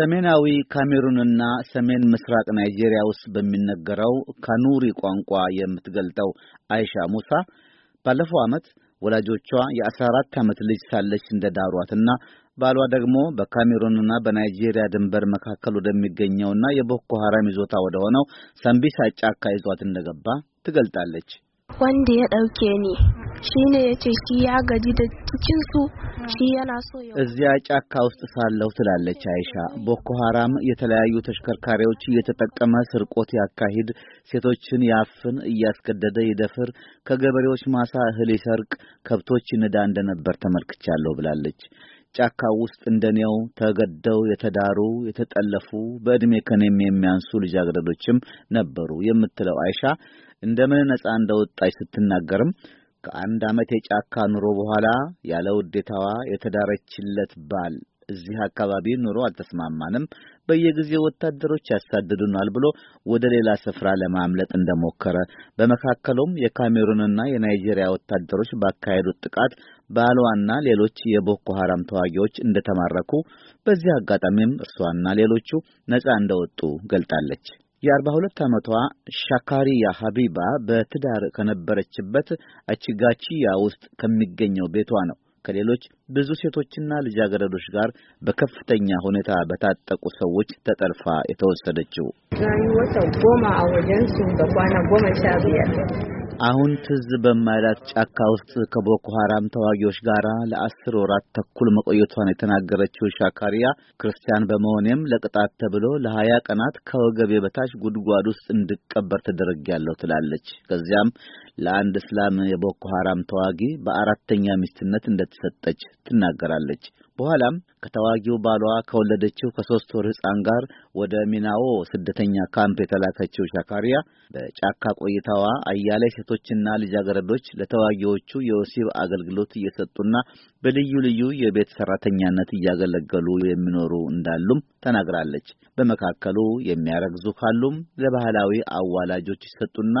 ሰሜናዊ ካሜሩንና ሰሜን ምስራቅ ናይጄሪያ ውስጥ በሚነገረው ካኑሪ ቋንቋ የምትገልጠው አይሻ ሙሳ ባለፈው ዓመት ወላጆቿ የ14 ዓመት ልጅ ሳለች እንደ ዳሯትና ባሏ ደግሞ በካሜሩንና በናይጄሪያ ድንበር መካከል ወደሚገኘውና የቦኮ ሐራም ይዞታ ወደ ሆነው ሰንቢሳ ጫካ ይዟት እንደገባ ትገልጣለች። ወንድ የጠውኬኒ shine yace shi ya gaji እዚያ ጫካ ውስጥ ሳለሁ ትላለች አይሻ። ቦኮ ሐራም የተለያዩ ተሽከርካሪዎች እየተጠቀመ ስርቆት ያካሂድ፣ ሴቶችን ያፍን፣ እያስገደደ ይደፍር፣ ከገበሬዎች ማሳ እህል ይሰርቅ፣ ከብቶች ይንዳ እንደነበር ተመልክቻለሁ ብላለች። ጫካ ውስጥ እንደኔው ተገደው የተዳሩ የተጠለፉ በዕድሜ ከኔም የሚያንሱ ልጃገረዶችም ነበሩ የምትለው አይሻ እንደምን ነጻ እንደወጣች ስትናገርም ከአንድ ዓመት የጫካ ኑሮ በኋላ ያለ ውዴታዋ የተዳረችለት ባል እዚህ አካባቢ ኑሮ አልተስማማንም፣ በየጊዜው ወታደሮች ያሳድዱናል ብሎ ወደ ሌላ ስፍራ ለማምለጥ እንደሞከረ በመካከሉም የካሜሩንና የናይጄሪያ ወታደሮች ባካሄዱት ጥቃት ባሏና ሌሎች የቦኮ ሐራም ተዋጊዎች እንደተማረኩ በዚህ አጋጣሚም እርሷና ሌሎቹ ነጻ እንደወጡ ገልጣለች። የአርባ ሁለት ዓመቷ ሻካሪያ ሀቢባ በትዳር ከነበረችበት አቺጋቺያ ውስጥ ከሚገኘው ቤቷ ነው ከሌሎች ብዙ ሴቶችና ልጃገረዶች ጋር በከፍተኛ ሁኔታ በታጠቁ ሰዎች ተጠልፋ የተወሰደችው። አሁን ትዝ በማይላት ጫካ ውስጥ ከቦኮ ሐራም ተዋጊዎች ጋር ለአስር ወራት ተኩል መቆየቷን የተናገረችው ሻካሪያ ክርስቲያን በመሆኔም ለቅጣት ተብሎ ለሀያ ቀናት ከወገቤ በታች ጉድጓድ ውስጥ እንድቀበር ተደርጌያለሁ ትላለች። ከዚያም ለአንድ እስላም የቦኮ ሐራም ተዋጊ በአራተኛ ሚስትነት እንደተሰጠች ትናገራለች። በኋላም ከተዋጊው ባሏ ከወለደችው ከሶስት ወር ሕፃን ጋር ወደ ሚናዎ ስደተኛ ካምፕ የተላከችው ሻካሪያ በጫካ ቆይታዋ አያሌ ሴቶችና ልጃገረዶች ለተዋጊዎቹ የወሲብ አገልግሎት እየሰጡና በልዩ ልዩ የቤት ሰራተኛነት እያገለገሉ የሚኖሩ እንዳሉም ተናግራለች። በመካከሉ የሚያረግዙ ካሉም ለባህላዊ አዋላጆች ይሰጡና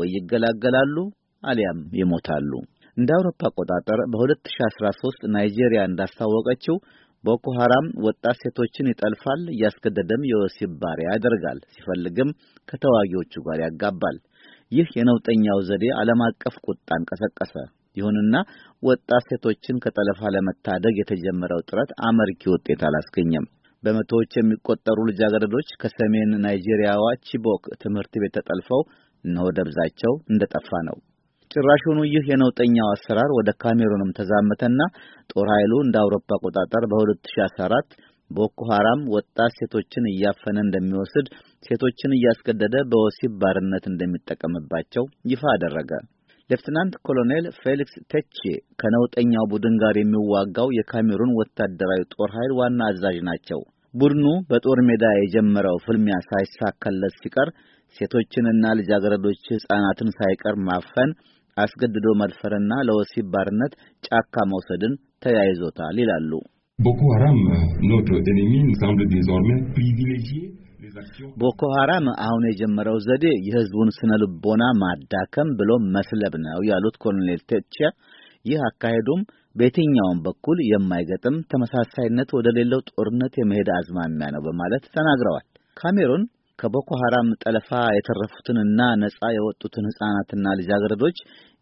ወይ ይገላገላሉ አሊያም ይሞታሉ። እንደ አውሮፓ አቆጣጠር በ2013 ናይጄሪያ እንዳስታወቀችው ቦኮ ሐራም ወጣት ሴቶችን ይጠልፋል፣ እያስገደደም የወሲብ ባሪያ ያደርጋል፣ ሲፈልግም ከተዋጊዎቹ ጋር ያጋባል። ይህ የነውጠኛው ዘዴ ዓለም አቀፍ ቁጣን ቀሰቀሰ። ይሁንና ወጣት ሴቶችን ከጠለፋ ለመታደግ የተጀመረው ጥረት አመርቂ ውጤት አላስገኘም። በመቶዎች የሚቆጠሩ ልጃገረዶች ከሰሜን ናይጄሪያዋ ቺቦክ ትምህርት ቤት ተጠልፈው እነሆ ደብዛቸው እንደጠፋ ነው። ጭራሹኑ ይህ የነውጠኛው አሰራር ወደ ካሜሩንም ተዛመተና ጦር ኃይሉ እንደ አውሮፓ አቆጣጠር በ2014 ቦኮ ሐራም ወጣት ሴቶችን እያፈነ እንደሚወስድ፣ ሴቶችን እያስገደደ በወሲብ ባርነት እንደሚጠቀምባቸው ይፋ አደረገ። ሌፍትናንት ኮሎኔል ፌሊክስ ቴቼ ከነውጠኛው ቡድን ጋር የሚዋጋው የካሜሩን ወታደራዊ ጦር ኃይል ዋና አዛዥ ናቸው። ቡድኑ በጦር ሜዳ የጀመረው ፍልሚያ ሳይሳካለት ሲቀር ሴቶችንና ልጃገረዶች ሕፃናትን ሳይቀር ማፈን፣ አስገድዶ መድፈርና ለወሲብ ባርነት ጫካ መውሰድን ተያይዞታል ይላሉ። ቦኮ ሐራም አሁን የጀመረው ዘዴ የህዝቡን ስነ ልቦና ማዳከም ብሎ መስለብ ነው ያሉት ኮሎኔል ቴቼ ይህ አካሄዱም በየትኛውም በኩል የማይገጥም ተመሳሳይነት ወደሌለው ጦርነት የመሄድ አዝማሚያ ነው በማለት ተናግረዋል። ካሜሩን ከቦኮ ሐራም ጠለፋ የተረፉትንና ነጻ የወጡትን ሕፃናትና ልጃገረዶች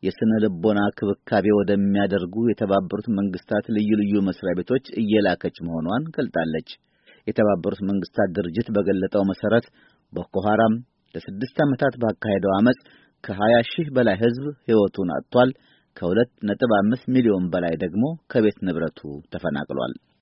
የሥነ ልቦና ክብካቤ ወደሚያደርጉ የተባበሩት መንግስታት ልዩ ልዩ መስሪያ ቤቶች እየላከች መሆኗን ገልጣለች። የተባበሩት መንግስታት ድርጅት በገለጠው መሠረት ቦኮ ሐራም ለስድስት ዓመታት ባካሄደው ዓመፅ ከ20 ሺህ በላይ ሕዝብ ሕይወቱን አጥቷል። ከሁለት ነጥብ አምስት ሚሊዮን በላይ ደግሞ ከቤት ንብረቱ ተፈናቅሏል።